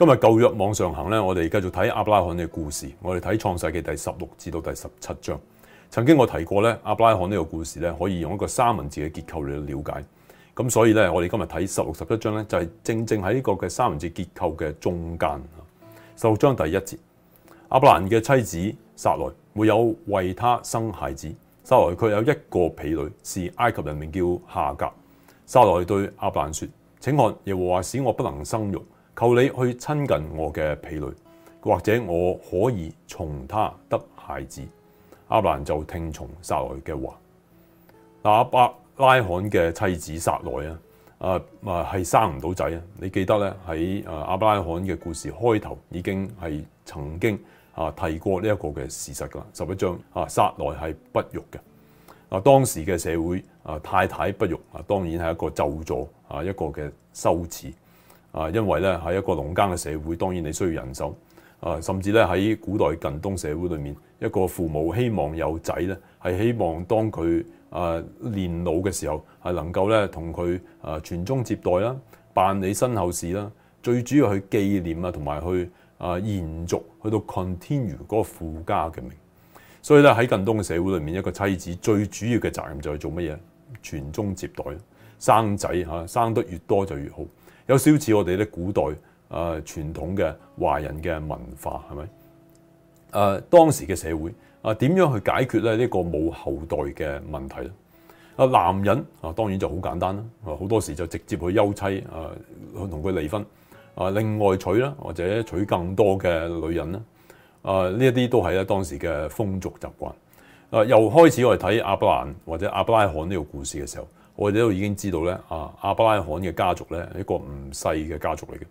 今日舊約網上行咧，我哋繼續睇亞伯拉罕嘅故事。我哋睇創世記第十六至到第十七章。曾經我提過咧，亞伯拉罕呢個故事咧，可以用一個三文字嘅結構嚟了解。咁所以咧，我哋今日睇十六、十七章咧，就係、是、正正喺呢個嘅三文字結構嘅中間。十六章第一節，亞伯蘭嘅妻子撒萊沒有為他生孩子。撒萊佢有一個婢女，是埃及人，名叫夏甲。撒萊對亞伯蘭說：請看，耶和華使我不能生育。求你去親近我嘅婢女，或者我可以從她得孩子。亞伯蘭就聽從撒萊嘅話。亞伯拉罕嘅妻子撒萊啊，啊係生唔到仔啊！你記得咧喺啊亞伯拉罕嘅故事開頭已經係曾經啊提過呢一個嘅事實噶啦，十一章啊撒萊係不育嘅。啊，當時嘅社會啊太太不育啊，當然係一個咒詛啊一個嘅羞恥。啊，因為咧喺一個農耕嘅社會，當然你需要人手啊，甚至咧喺古代近東社會裏面，一個父母希望有仔咧，係希望當佢啊年老嘅時候，係能夠咧同佢啊傳宗接代啦，辦理身後事啦，最主要去紀念啊，同埋去啊延續去到 continue 嗰個父家嘅名。所以咧喺近東嘅社會裏面，一個妻子最主要嘅責任就係做乜嘢？傳宗接代，生仔嚇，生得越多就越好。有少似我哋咧古代啊，傳統嘅華人嘅文化係咪？誒、啊、當時嘅社會啊，點樣去解決咧呢個冇後代嘅問題咧？啊，男人啊當然就好簡單啦，好、啊、多時就直接去休妻啊，去同佢離婚啊，另外娶啦，或者娶更多嘅女人啦。啊，呢一啲都係咧當時嘅風俗習慣。啊，又開始我哋睇亞伯蘭或者亞伯拉罕呢個故事嘅時候，我哋都已經知道咧，啊，亞伯拉罕嘅家族咧，一個唔細嘅家族嚟嘅，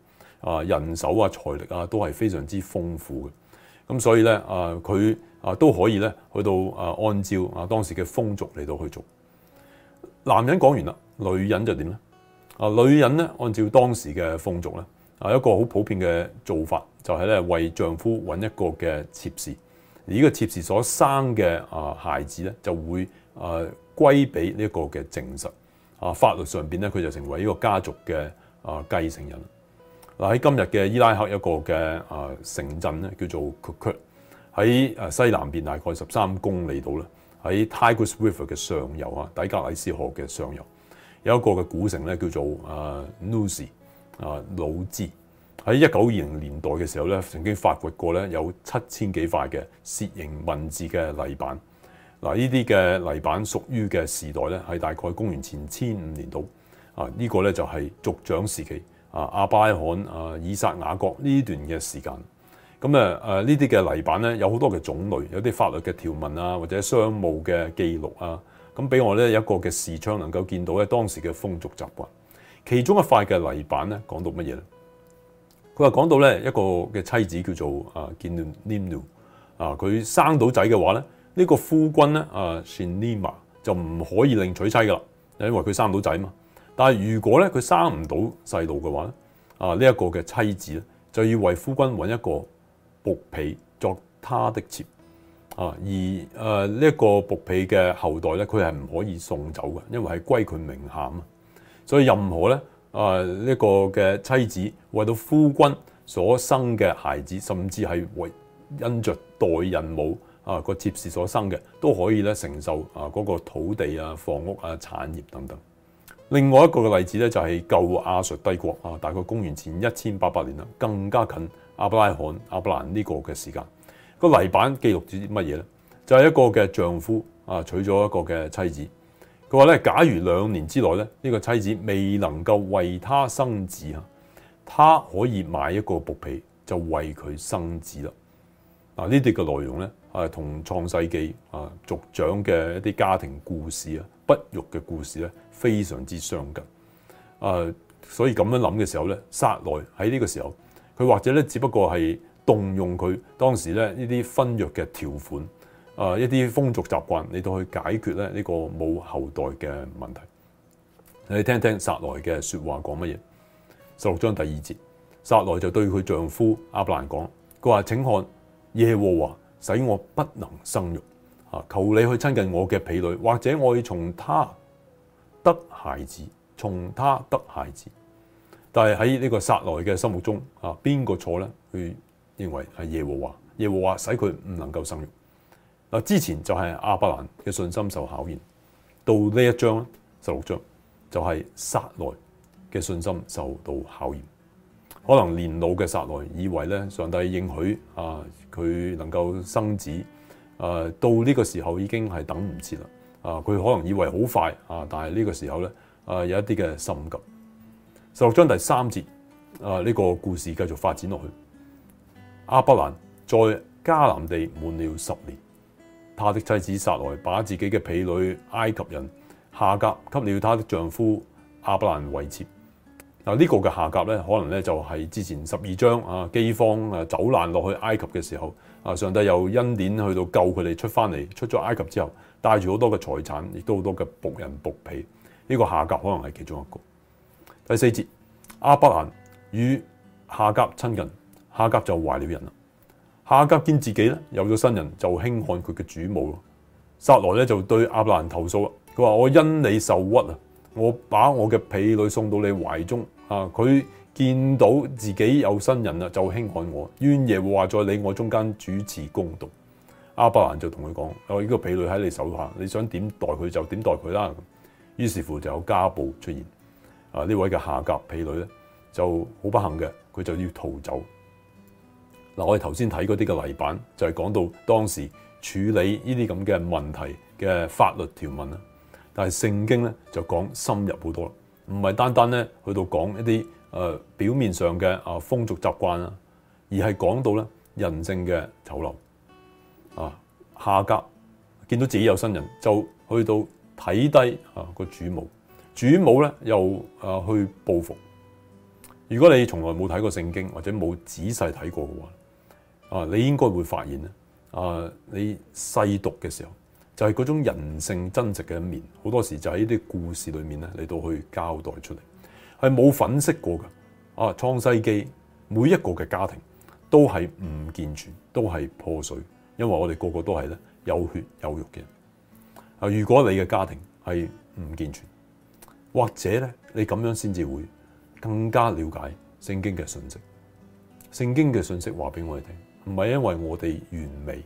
啊，人手啊、財力啊，都係非常之豐富嘅。咁所以咧，啊，佢啊都可以咧，去到啊，按照啊當時嘅風俗嚟到去做。男人講完啦，女人就點咧？啊，女人咧，按照當時嘅風俗咧，啊，一個好普遍嘅做法就係咧，為丈夫揾一個嘅妾侍，而呢個妾侍所生嘅啊孩子咧，就會啊。歸俾呢一個嘅證實，啊，法律上邊咧，佢就成為呢個家族嘅啊繼承人。嗱，喺今日嘅伊拉克一個嘅啊城鎮咧叫做 Kirkuk 喺啊西南邊大概十三公里度啦，喺 Tigris River 嘅上游啊，底格里斯河嘅上游有一個嘅古城咧叫做啊 Nusi 啊魯茲，喺一九二零年代嘅時候咧曾經發掘過咧有七千幾塊嘅楔形文字嘅泥板。嗱，呢啲嘅泥板屬於嘅時代咧，係大概公元前千五年度啊，呢、呢個咧就係族長時期啊，亞伯拉罕啊，以撒雅各呢段嘅時間。咁啊，誒呢啲嘅泥板咧，有好多嘅種類，有啲法律嘅條文啊，或者商務嘅記錄啊，咁俾我咧有一個嘅視窗能夠見到咧當時嘅風俗習慣。其中一塊嘅泥板咧，講到乜嘢咧？佢話講到咧一個嘅妻子叫做啊吉嫩尼努啊，佢生到仔嘅話咧。呢、這個夫君咧，啊，善拈麻就唔可以另娶妻噶啦，因為佢生唔到仔嘛。但係如果咧佢生唔到細路嘅話咧，啊，呢、這、一個嘅妻子咧就要為夫君揾一個僕婢作他的妾，啊，而誒呢一個僕婢嘅後代咧，佢係唔可以送走嘅，因為係歸佢名下嘛。所以任何咧，啊，呢、這、一個嘅妻子為到夫君所生嘅孩子，甚至係為因著代孕母。啊！個妾侍所生嘅都可以咧承受啊，嗰個土地啊、房屋啊、產業等等。另外一個嘅例子咧，就係舊亞述帝國啊，大概公元前一千八百年啦，更加近亞伯拉罕、亞伯蘭呢個嘅時間。個泥板記錄住啲乜嘢咧？就係、是、一個嘅丈夫啊，娶咗一個嘅妻子。佢話咧，假如兩年之內咧，呢、這個妻子未能夠為他生子，嚇，他可以買一個薄皮就為佢生子啦。嗱，呢啲嘅內容咧。啊，同《創世記》啊，族長嘅一啲家庭故事啊，不育嘅故事咧，非常之相近。啊、呃，所以咁樣諗嘅時候咧，撒萊喺呢個時候佢或者咧，只不過係動用佢當時咧呢啲婚約嘅條款啊、呃，一啲風俗習慣，嚟到去解決咧呢個冇後代嘅問題。你聽聽撒萊嘅説話講乜嘢？十六章第二節，撒萊就對佢丈夫亞伯蘭講：佢話：請看耶和華，使我不能生育，啊，求你去親近我嘅婢女，或者我要從他得孩子，從他得孩子。但係喺呢個撒來嘅心目中，啊，邊個錯咧？佢認為係耶和華，耶和華使佢唔能夠生育。嗱，之前就係亞伯蘭嘅信心受考驗，到呢一章十六章就係、是、撒來嘅信心受到考驗。可能年老嘅撒萊以為咧，上帝應許啊，佢能夠生子，啊，到呢個時候已經係等唔切啦，啊，佢可能以為好快啊，但係呢個時候咧，啊，有一啲嘅心急。十六章第三節，啊，呢個故事繼續發展落去。亞伯蘭在迦南地滿了十年，他的妻子撒萊把自己嘅婢女埃及人夏甲給了他的丈夫亞伯蘭為妾。嗱、這、呢個嘅夏甲咧，可能咧就係之前十二章啊，饑荒啊走難落去埃及嘅時候，啊，上帝又恩典去到救佢哋出翻嚟，出咗埃及之後，帶住好多嘅財產，亦都好多嘅僕人僕婢，呢、這個夏甲可能係其中一個。第四節，亞伯蘭與夏甲親近，夏甲就懷了人啦。夏甲見自己咧有咗新人，就輕看佢嘅主母咯。撒萊咧就對亞伯蘭投訴啦，佢話：我因你受屈啊，我把我嘅婢女送到你懷中。啊！佢見到自己有新人啦，就輕看我願耶和華話在你我中間主持公道。亞伯蘭就同佢講：我呢個婢女喺你手下，你想點待佢就點待佢啦。於是乎就有家暴出現。啊！位呢位嘅夏甲婢女咧就好不幸嘅，佢就要逃走。嗱、啊，我哋頭先睇嗰啲嘅泥板就係、是、講到當時處理呢啲咁嘅問題嘅法律條文啦。但係聖經咧就講深入好多。唔係單單咧去到講一啲誒表面上嘅啊風俗習慣啦，而係講到咧人性嘅醜陋，啊夏甲見到自己有新人就去到睇低啊個主母，主母咧又誒去報復。如果你從來冇睇過聖經或者冇仔細睇過嘅話，啊你應該會發現咧啊你細讀嘅時候。就係、是、嗰種人性真實嘅一面，好多時就喺啲故事裏面咧嚟，到去交代出嚟，係冇粉飾過噶。啊，創世紀每一個嘅家庭都係唔健全，都係破碎，因為我哋個個都係咧有血有肉嘅。啊，如果你嘅家庭係唔健全，或者咧你咁樣先至會更加了解聖經嘅信息。聖經嘅信息話俾我哋聽，唔係因為我哋完美。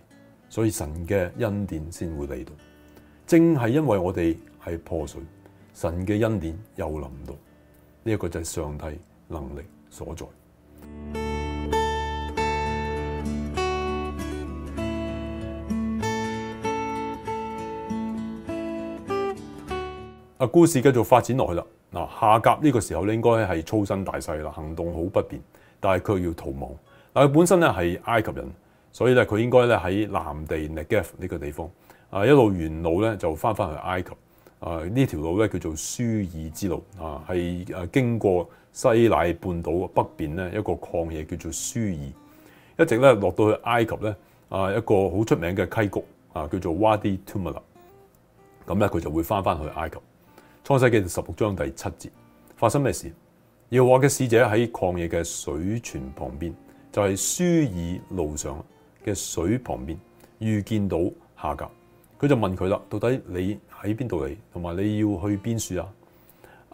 所以神嘅恩典先會嚟到，正係因為我哋係破碎，神嘅恩典又臨到。呢一個就係上帝能力所在。啊，故事繼續發展落去啦。嗱，夏甲呢個時候咧，應該係粗身大細啦，行動好不便，但係佢要逃亡。嗱，佢本身咧係埃及人。所以咧，佢應該咧喺南地 Negev 呢個地方啊，一路沿路咧就翻翻去埃及啊。呢條路咧叫做舒爾之路啊，係誒經過西奈半島北邊咧一個曠野叫做舒爾，一直咧落到去埃及咧啊一個好出名嘅溪谷啊，叫做 Wadi Tumilat。咁咧佢就會翻翻去埃及。創世紀十六章第七節發生咩事？要我嘅使者喺曠野嘅水泉旁邊，就係、是、舒爾路上。嘅水旁邊遇見到夏甲，佢就問佢啦：到底你喺邊度嚟，同埋你要去邊處啊？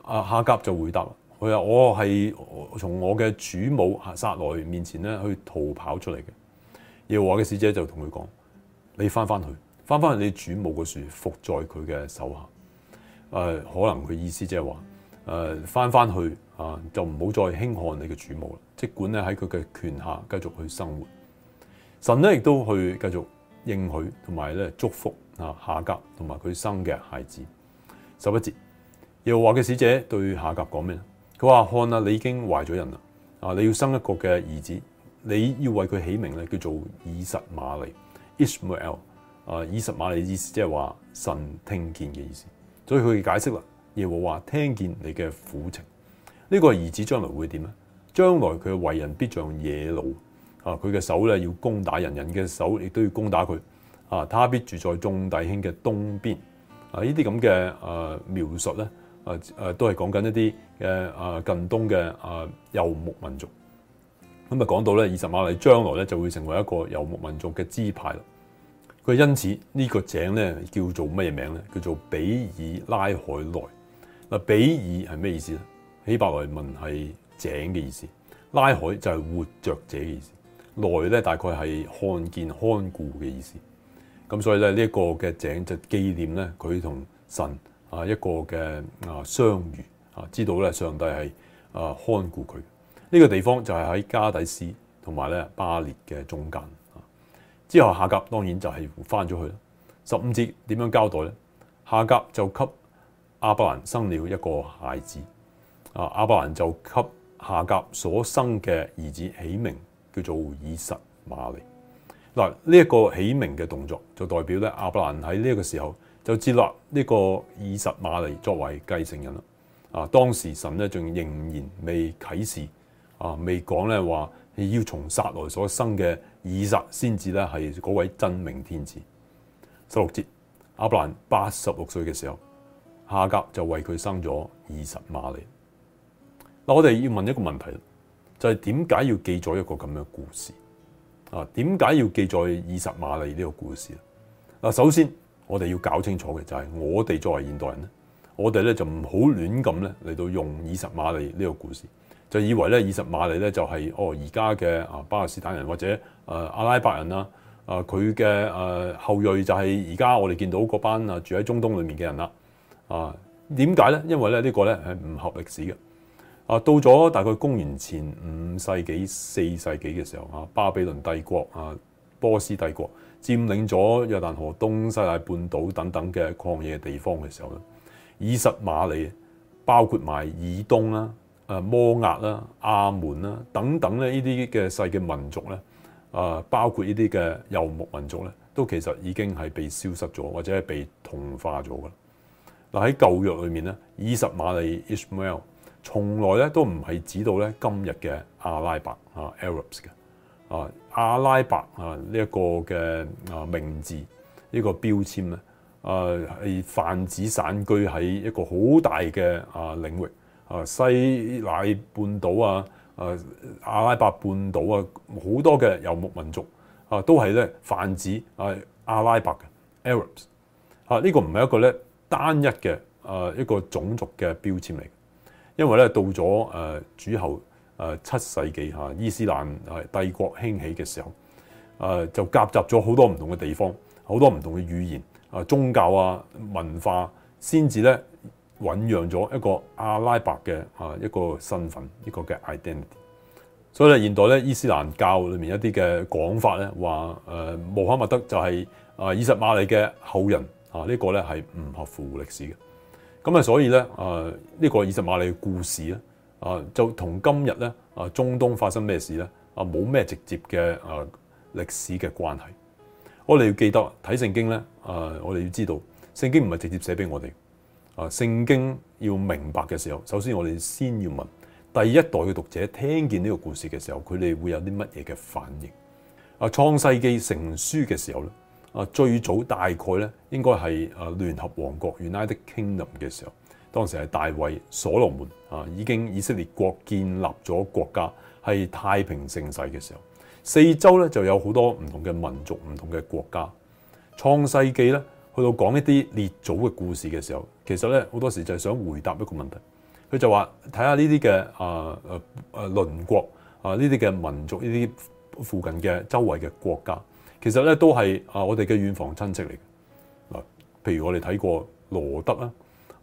啊，夏甲就回答佢話，我係從我嘅主母哈撒萊面前咧去逃跑出嚟嘅。耶和華嘅使者就同佢講：你返返去，返返去你主母嘅處，服在佢嘅手下。誒、呃，可能佢意思即係話誒，翻、呃、返去啊，就唔好再輕看你嘅主母啦，即管咧喺佢嘅權下繼續去生活。神咧亦都去繼續應許同埋咧祝福啊夏甲同埋佢生嘅孩子。十一節，耶和華嘅使者對夏甲講咩咧？佢話：看啊，你已經懷咗孕啦，啊你要生一個嘅兒子，你要為佢起名咧叫做以實瑪利 （Ishmael）。啊，以實瑪利意思即係話神聽見嘅意思。所以佢解釋啦，耶和華聽見你嘅苦情。呢、這個兒子將來會點啊？將來佢為人必像野驢。啊！佢嘅手咧要攻打人人嘅手，亦都要攻打佢。啊！他必住在眾弟兄嘅東邊。啊！呢啲咁嘅誒描述咧，誒誒都係講緊一啲嘅誒近東嘅誒遊牧民族。咁啊，講到咧，以實瑪利將來咧就會成為一個遊牧民族嘅支派咯。佢因此呢、這個井咧叫做咩名咧？叫做比爾拉海萊。嗱，比爾係咩意思咧？希伯來文係井嘅意思。拉海就係活着者嘅意思。內咧大概係看見看顧嘅意思，咁所以咧呢一個嘅井就紀念咧佢同神啊一個嘅啊相遇啊，知道咧上帝係啊看顧佢。呢個地方就係喺加底斯同埋咧巴列嘅中間啊。之後夏甲當然就係翻咗去，十五節點樣交代咧？夏甲就給亞伯蘭生了一個孩子啊，亞伯蘭就給夏甲所生嘅兒子起名叫做以實瑪利，嗱呢一個起名嘅動作就代表咧，亞伯蘭喺呢一個時候就接納呢個以實瑪利作為繼承人啦。啊，當時神咧仲仍然未啟示，啊未講咧話要從撒萊所生嘅以實先至咧係嗰位真命天子。十六節，亞伯蘭八十六歲嘅時候，夏甲就為佢生咗以實瑪利。嗱，我哋要問一個問題。就係點解要記載一個咁嘅故事啊？點解要記載以實瑪利呢個故事咧？嗱，首先我哋要搞清楚嘅就係、是、我哋作為現代人咧，我哋咧就唔好亂咁咧嚟到用以實瑪利呢個故事，就以為咧以實瑪利咧就係哦而家嘅啊巴勒斯坦人或者誒阿拉伯人啦。啊佢嘅誒後裔就係而家我哋見到嗰班啊住喺中東裡面嘅人啦啊？點解咧？因為咧呢個咧係唔合歷史嘅。啊，到咗大概公元前五世紀、四世紀嘅時候啊，巴比倫帝國啊、波斯帝國佔領咗約旦河東、西亞半島等等嘅曠野地方嘅時候咧，以實瑪利，包括埋以東啦、啊摩押啦、亞門啦等等咧，呢啲嘅細嘅民族咧啊，包括呢啲嘅遊牧民族咧，都其實已經係被消失咗，或者係被同化咗噶啦。嗱，喺舊約裏面咧，以實瑪利 Ishmael。Ishmael, 從來咧都唔係指到咧今日嘅阿拉伯啊，Arabs 嘅啊，阿拉伯啊呢、這個、一個嘅啊，名字呢個標籤咧，啊係泛指散居喺一個好大嘅啊領域，啊西奈半島啊、阿拉伯半島啊，好多嘅遊牧民族啊，都係咧泛指啊阿拉伯嘅 Arabs 啊，呢個唔係一個咧單一嘅啊一個種族嘅標籤嚟。因為咧到咗誒主後誒七世紀嚇伊斯蘭誒帝國興起嘅時候，誒就夾雜咗好多唔同嘅地方，好多唔同嘅語言啊、宗教啊、文化，先至咧醖釀咗一個阿拉伯嘅嚇一個身份，一個嘅 identity。所以咧現代咧伊斯蘭教裏面一啲嘅講法咧話誒穆罕默德就係啊伊斯瑪利嘅後人嚇，呢個咧係唔合乎歷史嘅。咁啊，所以咧，啊、這、呢個二十馬里嘅故事咧，啊就同今日咧，啊中東發生咩事咧，啊冇咩直接嘅啊歷史嘅關係。我哋要記得睇聖經咧，啊我哋要知道聖經唔係直接寫俾我哋，啊聖經要明白嘅時候，首先我哋先要問第一代嘅讀者聽見呢個故事嘅時候，佢哋會有啲乜嘢嘅反應？啊創世記成書嘅時候咧？啊，最早大概咧，應該係啊聯合王國 United Kingdom 嘅時候，當時係大衛所羅門啊，已經以色列國建立咗國家，係太平盛世嘅時候，四周咧就有好多唔同嘅民族、唔同嘅國家。創世記咧去到講一啲列祖嘅故事嘅時候，其實咧好多時就係想回答一個問題，佢就話睇下呢啲嘅啊啊啊鄰國，啊呢啲嘅民族，呢啲附近嘅周圍嘅國家。其實咧都係啊，我哋嘅遠房親戚嚟嘅啊。譬如我哋睇過羅德啦，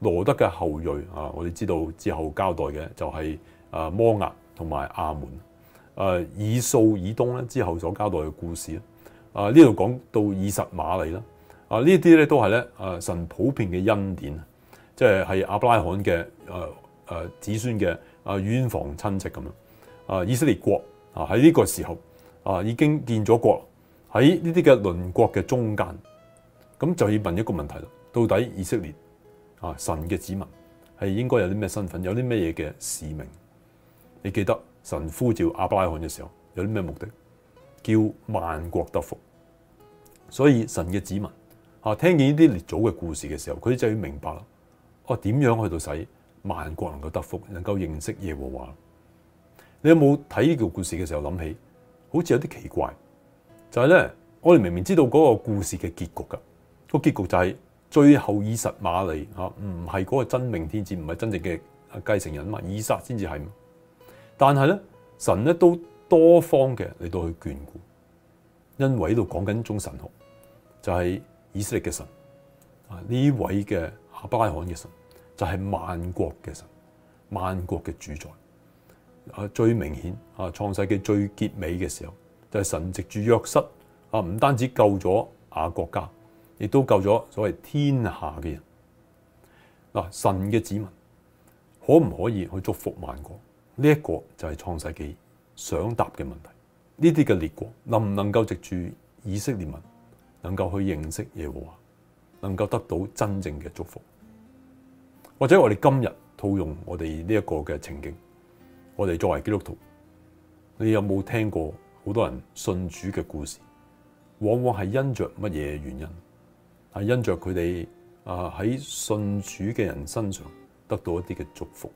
羅德嘅後裔啊，我哋知道之後交代嘅就係啊摩亞同埋亞門啊以掃以東咧之後所交代嘅故事啊。呢度講到二十馬利啦啊呢啲咧都係咧啊神普遍嘅恩典，即係係亞伯拉罕嘅誒誒子孫嘅啊遠房親戚咁樣啊。以色列國啊喺呢個時候啊已經建咗國。喺呢啲嘅鄰國嘅中間，咁就要問一個問題啦：到底以色列啊神嘅子民係應該有啲咩身份，有啲咩嘢嘅使命？你記得神呼召亞伯拉罕嘅時候有啲咩目的？叫萬國得福。所以神嘅子民啊，聽見呢啲列祖嘅故事嘅時候，佢就要明白啦。哦、啊，點樣去到使萬國能夠得福，能夠認識耶和華？你有冇睇呢個故事嘅時候諗起，好似有啲奇怪？就係咧，我哋明明知道嗰個故事嘅結局噶，個結局就係最後以實馬利，唔係嗰個真命天子，唔係真正嘅啊繼承人嘛，以撒先至係。但係咧，神咧都多方嘅嚟到去眷顧，因為喺度講緊一種神學，就係以色列嘅神啊，呢位嘅亞伯拉罕嘅神，就係萬國嘅神，萬國嘅主宰。啊，最明顯啊，創世紀最結尾嘅時候。就係、是、神藉住約瑟啊，唔單止救咗啊國家，亦都救咗所謂天下嘅人嗱。神嘅子民可唔可以去祝福萬國？呢、這、一個就係創世記想答嘅問題。呢啲嘅列國能唔能夠藉住以色列民能夠去認識耶和華，能夠得到真正嘅祝福？或者我哋今日套用我哋呢一個嘅情景，我哋作為基督徒，你有冇聽過？好多人信主嘅故事，往往係因着乜嘢原因？係因着佢哋啊喺信主嘅人身上得到一啲嘅祝福，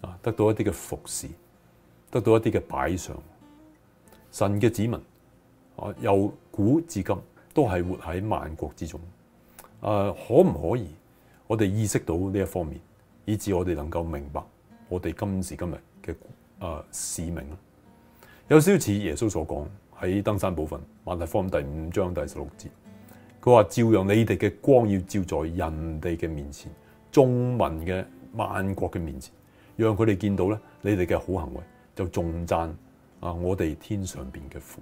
啊，得到一啲嘅服侍，得到一啲嘅擺上。神嘅子民啊，由古至今都係活喺萬國之中。誒，可唔可以我哋意識到呢一方面，以至我哋能夠明白我哋今時今日嘅誒使命？有少似耶穌所講喺登山部分，馬太福音第五章第十六節，佢話：照樣你哋嘅光要照在人哋嘅面前，眾民嘅萬國嘅面前，讓佢哋見到咧你哋嘅好行為，就重讚啊！我哋天上邊嘅父。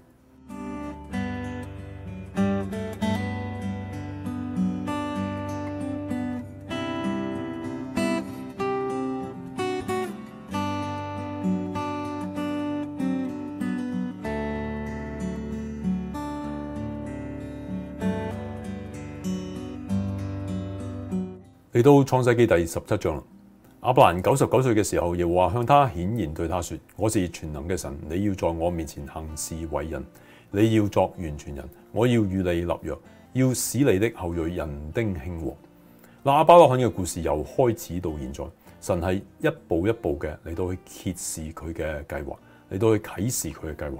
到創世紀第十七章啦，亞伯蘭，九十九歲嘅時候，又話向他，顯然對他說：我是全能嘅神，你要在我面前行事為人，你要作完全人，我要與你立約，要使你的後裔人丁興旺。嗱，亞伯拉罕嘅故事由開始到現在，神係一步一步嘅嚟到去揭示佢嘅計劃，嚟到去啟示佢嘅計劃。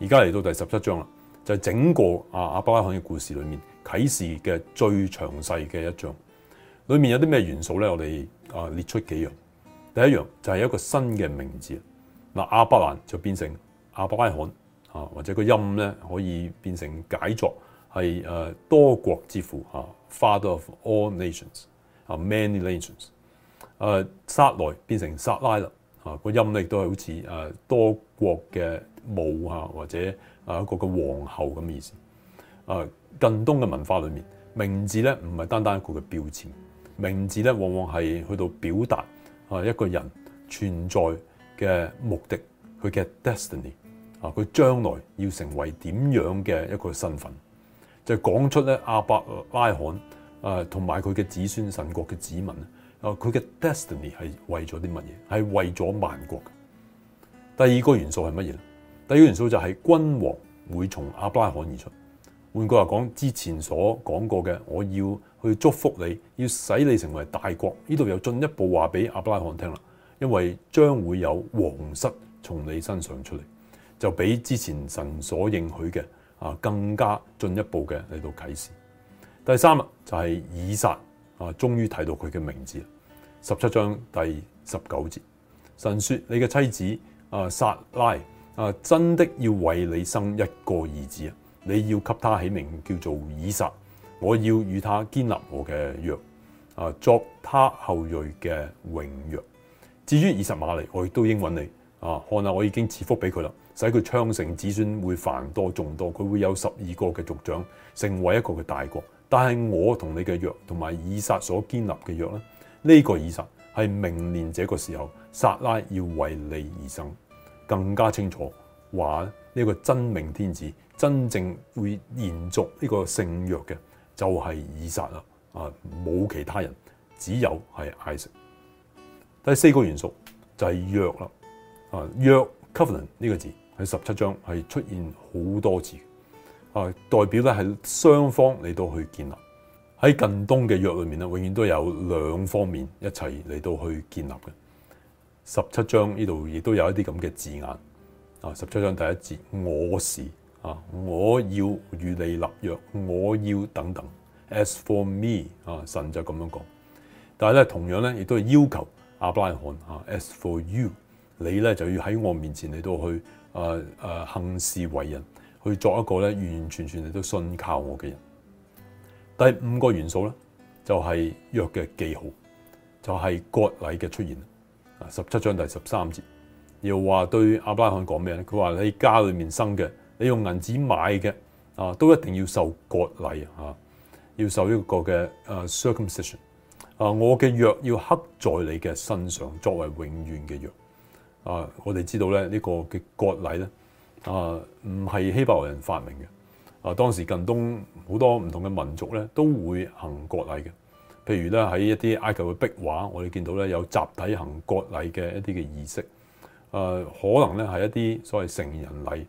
而家嚟到第十七章啦，就係、是、整個阿亞伯拉罕嘅故事裏面啟示嘅最詳細嘅一章。裏面有啲咩元素咧？我哋啊列出幾樣。第一樣就係一個新嘅名字，嗱，亞伯蘭就變成亞伯拉罕啊，或者個音咧可以變成解作係誒多國之父 Father of all nations 啊，many nations。誒撒來變成撒拉啦，啊個音咧亦都係好似誒多國嘅母啊，或者啊一個嘅皇后，咁嘅意思。誒近東嘅文化裏面，名字咧唔係單單一個嘅標籤。名字咧往往係去到表達啊一個人存在嘅目的，佢嘅 destiny 啊，佢將來要成為點樣嘅一個身份，就講出咧阿伯拉罕啊同埋佢嘅子孫神國嘅子民啊，佢嘅 destiny 係為咗啲乜嘢？係為咗萬國嘅。第二個元素係乜嘢？第二個元素就係君王會從阿伯拉罕而出。換句話講，之前所講過嘅，我要。去祝福你要使你成為大國，呢度又進一步話俾阿伯拉罕聽啦，因為將會有皇室從你身上出嚟，就比之前神所應許嘅啊更加進一步嘅嚟到啟示。第三啊就係、是、以撒啊終於睇到佢嘅名字，十七章第十九節，神說，你嘅妻子啊撒拉啊真的要為你生一個兒子啊，你要給他起名叫做以撒。我要與他建立我嘅約，啊，作他後裔嘅永約。至於以實瑪利，我亦都應允你。啊，看下我已經賜福俾佢啦，使佢昌盛，子孫會繁多眾多。佢會有十二個嘅族長，成為一個嘅大國。但係我同你嘅約，同埋以撒所建立嘅約咧，呢、這個以撒係明年這個時候，撒拉要為你而生，更加清楚話呢個真命天子，真正會延續呢個聖約嘅。就係、是、以撒啦，啊，冇其他人，只有係艾食。第四個元素就係約啦，啊約 Covenant 呢個字喺十七章係出現好多字，啊，代表咧係雙方嚟到去建立喺近東嘅約裏面咧，永遠都有兩方面一齊嚟到去建立嘅。十七章呢度亦都有一啲咁嘅字眼，啊十七章第一字：「我是。啊！我要與你立約，我要等等。As for me，啊，神就咁樣講。但係咧，同樣咧，亦都係要求亞伯拉罕啊。As for you，你咧就要喺我面前嚟到去誒誒行事為人，去作一個咧完完全全嚟到信靠我嘅人。第五個元素咧，就係約嘅記號，就係、是、割禮嘅出現。啊，十七章第十三節又話對亞伯拉罕講咩咧？佢話喺家裏面生嘅。你用銀紙買嘅啊，都一定要受割禮啊，要受一個嘅誒 circumcision 啊，我嘅約要刻在你嘅身上，作為永遠嘅約啊。我哋知道咧呢個嘅割禮咧啊，唔係希伯來人發明嘅啊，當時近東好多唔同嘅民族咧都會行割禮嘅，譬如咧喺一啲埃及嘅壁畫，我哋見到咧有集體行割禮嘅一啲嘅儀式啊，可能咧係一啲所謂成人禮。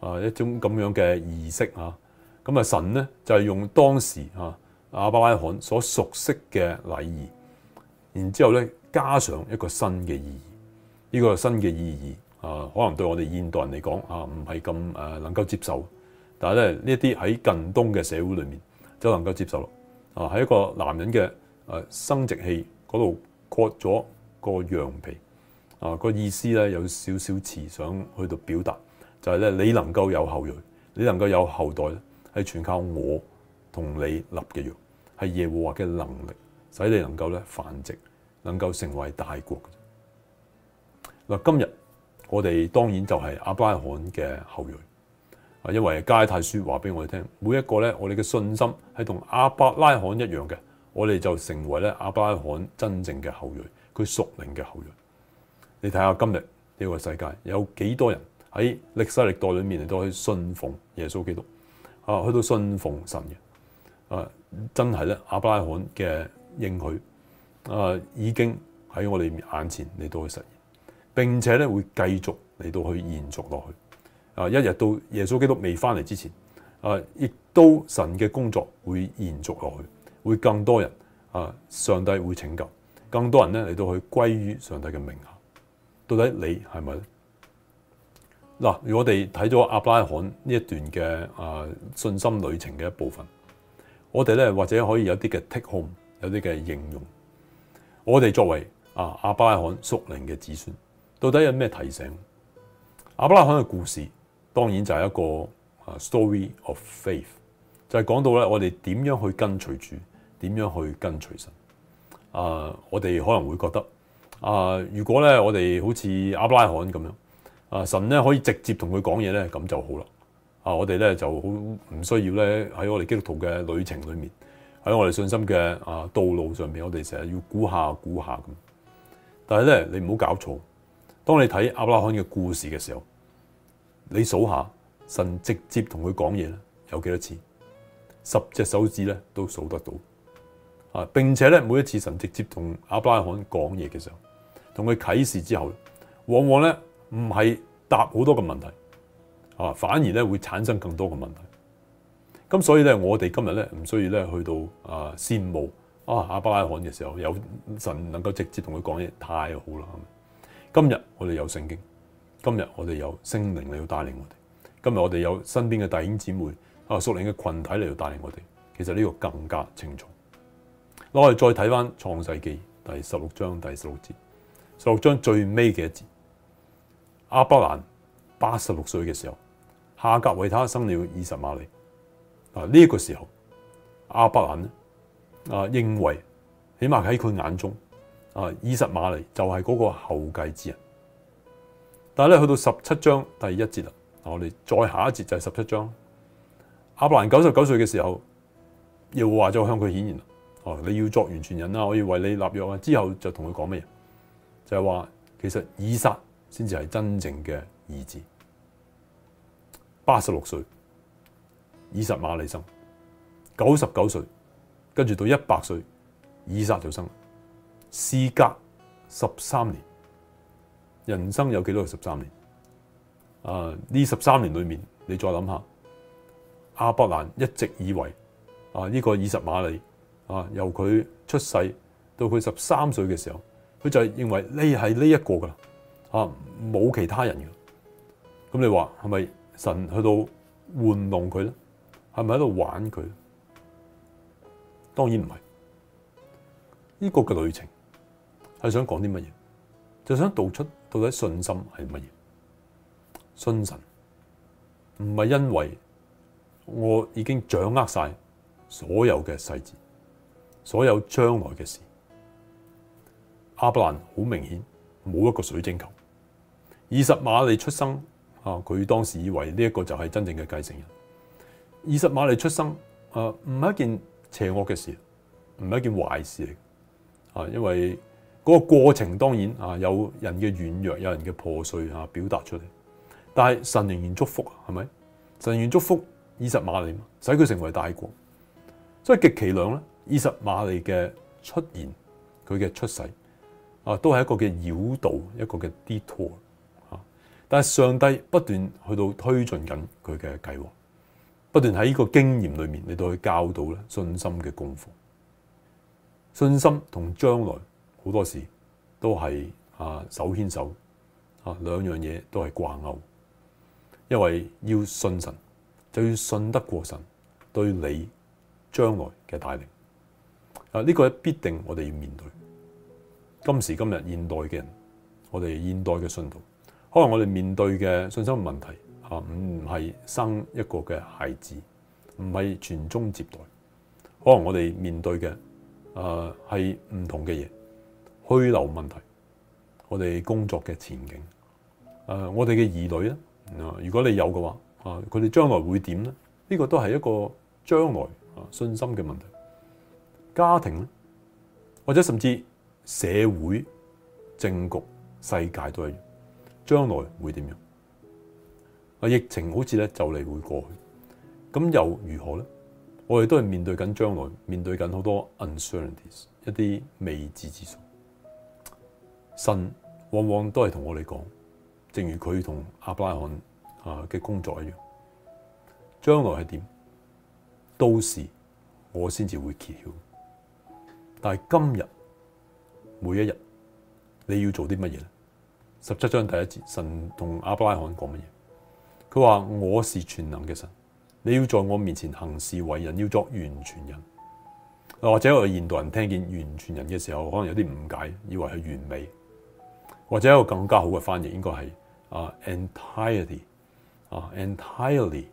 啊，一種咁樣嘅儀式啊，咁啊神咧就係用當時啊阿巴拉罕所熟悉嘅禮儀，然之後咧加上一個新嘅意義，呢個新嘅意義啊，可能對我哋現代人嚟講啊唔係咁誒能夠接受，但係咧呢一啲喺近東嘅社會裏面就能夠接受啦。啊，喺一個男人嘅誒生殖器嗰度割咗個羊皮，啊，個意思咧有少少慈祥去到表達。但係咧，你能夠有後裔，你能夠有後代咧，係全靠我同你立嘅約，係耶和華嘅能力，使你能夠咧繁殖，能夠成為大國。嗱，今日我哋當然就係亞伯拉罕嘅後裔，啊，因為加拉太書話俾我哋聽，每一個咧，我哋嘅信心係同亞伯拉罕一樣嘅，我哋就成為咧亞伯拉罕真正嘅後裔，佢屬靈嘅後裔。你睇下今日呢個世界有幾多人？喺歷世歷代裏面嚟到去信奉耶穌基督，啊，去到信奉神嘅，啊，真係咧，亞伯拉罕嘅應許，啊，已經喺我哋眼前嚟到去實現，並且咧會繼續嚟到去延續落去，啊，一日到耶穌基督未返嚟之前，啊，亦都神嘅工作會延續落去，會更多人，啊，上帝會拯救更多人咧嚟到去歸於上帝嘅名下，到底你係咪咧？嗱，如果我哋睇咗阿伯拉罕呢一段嘅啊信心旅程嘅一部分，我哋咧或者可以有啲嘅 take home，有啲嘅應用。我哋作為啊阿伯拉罕屬靈嘅子孫，到底有咩提醒？阿伯拉罕嘅故事當然就係一個啊 story of faith，就係講到咧我哋點樣去跟隨主，點樣去跟隨神。啊、呃，我哋可能會覺得啊、呃，如果咧我哋好似阿伯拉罕咁樣。啊！神咧可以直接同佢講嘢咧，咁就好啦。啊，我哋咧就好唔需要咧喺我哋基督徒嘅旅程裡面，喺我哋信心嘅啊道路上面，我哋成日要估下估下咁。但係咧，你唔好搞錯。當你睇亞伯拉罕嘅故事嘅時候，你數下神直接同佢講嘢咧有幾多次，十隻手指咧都數得到啊！並且咧每一次神直接同亞伯拉罕講嘢嘅時候，同佢啟示之後，往往咧。唔係答好多嘅問題啊，反而咧會產生更多嘅問題。咁所以咧，我哋今日咧唔需要咧去到啊羨慕啊亞伯拉罕嘅時候，有神能夠直接同佢講嘢，太好啦。今日我哋有聖經，今日我哋有聖靈嚟到帶領我哋，今日我哋有身邊嘅弟兄姊妹啊，屬靈嘅群體嚟到帶領我哋。其實呢個更加清楚。我哋再睇翻創世記第十六章第十六節，十六章最尾嘅一節。亞伯蘭八十六歲嘅時候，夏甲為他生了以實瑪利。啊，呢個時候亞伯蘭呢啊，認為起碼喺佢眼中啊，以實瑪利就係嗰個後繼之人。但係咧去到十七章第一節啦，我哋再下一節就係十七章。亞伯蘭九十九歲嘅時候，又話咗向佢顯現：「哦，你要作完全人啦，我要為你立約啊。之後就同佢講咩？就係、是、話其實以撒。先至係真正嘅兒子。八十六歲，以實瑪利生；九十九歲，跟住到一百歲，以撒就生。事隔十三年，人生有幾多係十三年？啊！呢十三年裏面，你再諗下，亞伯蘭一直以為啊，呢、這個以實瑪利啊，由佢出世到佢十三歲嘅時候，佢就係認為呢係呢一個㗎。啊！冇其他人嘅，咁你話係咪神去到玩弄佢咧？係咪喺度玩佢？當然唔係。呢個嘅旅程係想講啲乜嘢？就想道出到底信心係乜嘢？信神唔係因為我已經掌握晒所有嘅細節，所有將來嘅事。亞伯蘭好明顯冇一個水晶球。以實瑪利出生啊！佢當時以為呢一個就係真正嘅繼承人。以實瑪利出生啊，唔係一件邪惡嘅事，唔係一件壞事嚟啊。因為嗰個過程當然啊，有人嘅軟弱，有人嘅破碎啊，表達出嚟。但係神仍然祝福啊，係咪？神願祝福以實瑪利，使佢成為大國。所以極其量咧，以實瑪利嘅出現，佢嘅出世啊，都係一個嘅繞道，一個嘅 detour。但係上帝不斷去到推進緊佢嘅計劃，不斷喺呢個經驗裏面，你都去教導咧信心嘅功課。信心同將來好多時都係啊手牽手啊，兩樣嘢都係掛鈎，因為要信神就要信得過神對你將來嘅帶領。啊！呢個必定我哋要面對，今時今日現代嘅人，我哋現代嘅信徒。可能我哋面對嘅信心問題吓，唔係生一個嘅孩子，唔係傳宗接代。可能我哋面對嘅誒係唔同嘅嘢，去留問題，我哋工作嘅前景，誒，我哋嘅兒女咧，啊，如果你有嘅話，啊，佢哋將來會點咧？呢、這個都係一個將來啊信心嘅問題。家庭咧，或者甚至社會、政局、世界都係。將來會點樣？啊，疫情好似咧就嚟會過去，咁又如何咧？我哋都係面對緊將來，面對緊好多 uncertainties，一啲未知之數。神往往都係同我哋講，正如佢同亞伯拉罕啊嘅工作一樣，將來係點？到時我先至會揭曉。但係今日每一日，你要做啲乜嘢咧？十七章第一節，神同亞伯拉罕講乜嘢？佢話：我是全能嘅神，你要在我面前行事為人，要作完全人。或者我哋現代人聽見完全人嘅時候，可能有啲誤解，以為係完美。或者一個更加好嘅翻譯，應該係啊 entirely 啊 entirely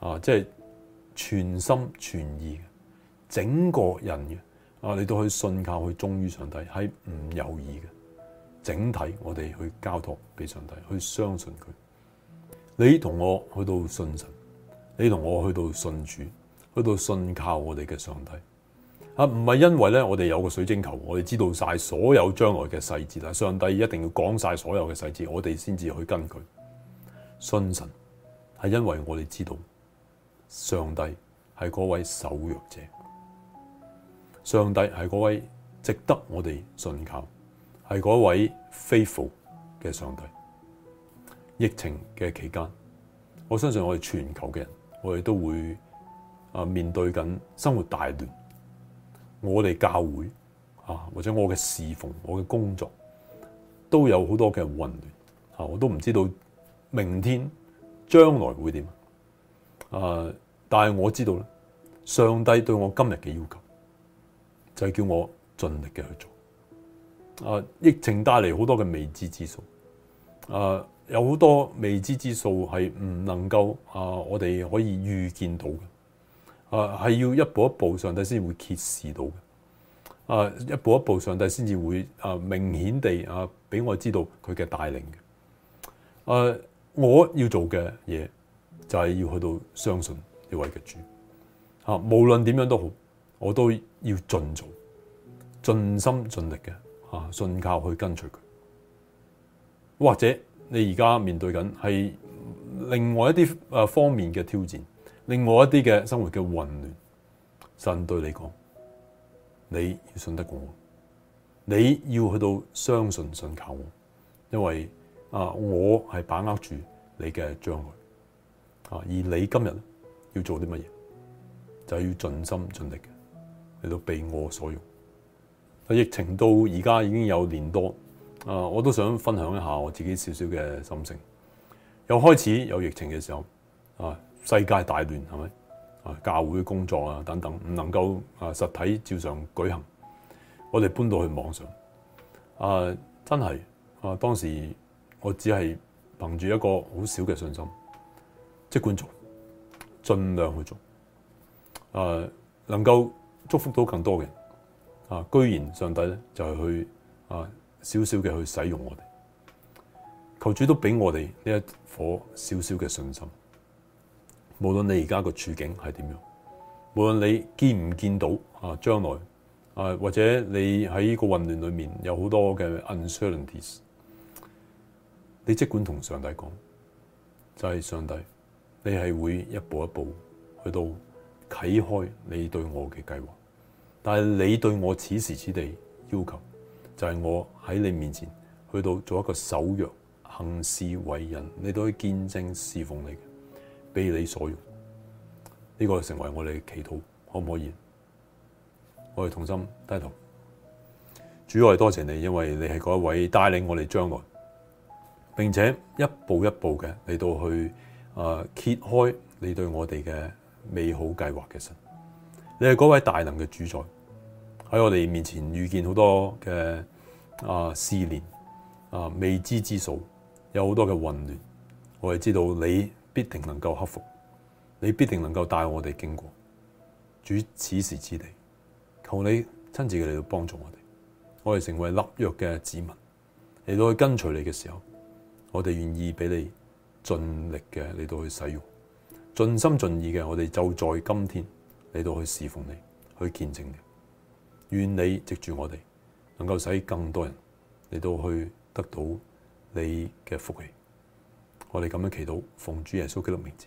啊，即係全心全意，整個人嘅啊，你都可以信靠佢忠於上帝，係唔猶豫嘅。整體我哋去交託俾上帝，去相信佢。你同我去到信神，你同我去到信主，去到信靠我哋嘅上帝。啊，唔係因為咧，我哋有個水晶球，我哋知道晒所有將來嘅細節啦。但上帝一定要講晒所有嘅細節，我哋先至去跟佢。信神，係因為我哋知道上帝係嗰位守約者，上帝係嗰位值得我哋信靠。係嗰位 faithful 嘅上帝。疫情嘅期間，我相信我哋全球嘅人，我哋都會啊面對緊生活大亂。我哋教會啊，或者我嘅侍奉、我嘅工作，都有好多嘅混亂啊！我都唔知道明天將來會點啊！但係我知道咧，上帝對我今日嘅要求，就係、是、叫我盡力嘅去做。啊！疫情帶嚟好多嘅未知之數，啊，有好多未知之數係唔能夠啊，我哋可以預見到嘅，啊，係要一步一步上帝先會揭示到嘅，啊，一步一步上帝先至會啊明顯地啊俾我知道佢嘅帶領嘅，誒、啊，我要做嘅嘢就係要去到相信呢位嘅主，啊，無論點樣都好，我都要盡做，盡心盡力嘅。啊，信靠去跟隨佢，或者你而家面對緊係另外一啲誒方面嘅挑戰，另外一啲嘅生活嘅混亂，神對你講，你要信得過我，你要去到相信信靠我，因為啊，我係把握住你嘅將來，啊，而你今日要做啲乜嘢，就要盡心盡力，嚟到，被我所用。疫情到而家已經有年多，啊，我都想分享一下我自己少少嘅心情。由開始有疫情嘅時候，啊，世界大亂係咪？啊，教會工作啊等等，唔能夠啊實體照常舉行，我哋搬到去網上。啊，真係啊，當時我只係憑住一個好少嘅信心，即管做，儘量去做，啊，能夠祝福到更多嘅人。啊！居然上帝咧就係去啊，少少嘅去使用我哋。求主都俾我哋呢一顆少少嘅信心。無論你而家個處境係點樣，無論你見唔見到啊將來啊，或者你喺呢個混亂裏面有好多嘅 uncertainties，你即管同上帝講，就係上帝，你係會一步一步去到啓開你對我嘅計劃。但係你對我此時此地要求，就係、是、我喺你面前去到做一個守約、行事為人，你都可以見證侍奉你，俾你所用。呢、這個就成為我哋嘅祈禱，可唔可以？我哋同心低頭，主愛，多謝你，因為你係嗰一位帶領我哋將來，並且一步一步嘅嚟到去，誒、啊、揭開你對我哋嘅美好計劃嘅神，你係嗰位大能嘅主宰。喺我哋面前遇見好多嘅啊試煉啊未知之數，有好多嘅混亂。我哋知道你必定能夠克服，你必定能夠帶我哋經過。主此時此地。求你親自嚟到幫助我哋，我哋成為立約嘅子民嚟到去跟隨你嘅時候，我哋願意俾你盡力嘅嚟到去使用，盡心盡意嘅我哋就在今天嚟到去侍奉你，去見證你。願你藉住我哋，能夠使更多人嚟到去得到你嘅福氣。我哋咁樣祈禱，奉主耶穌基督名字。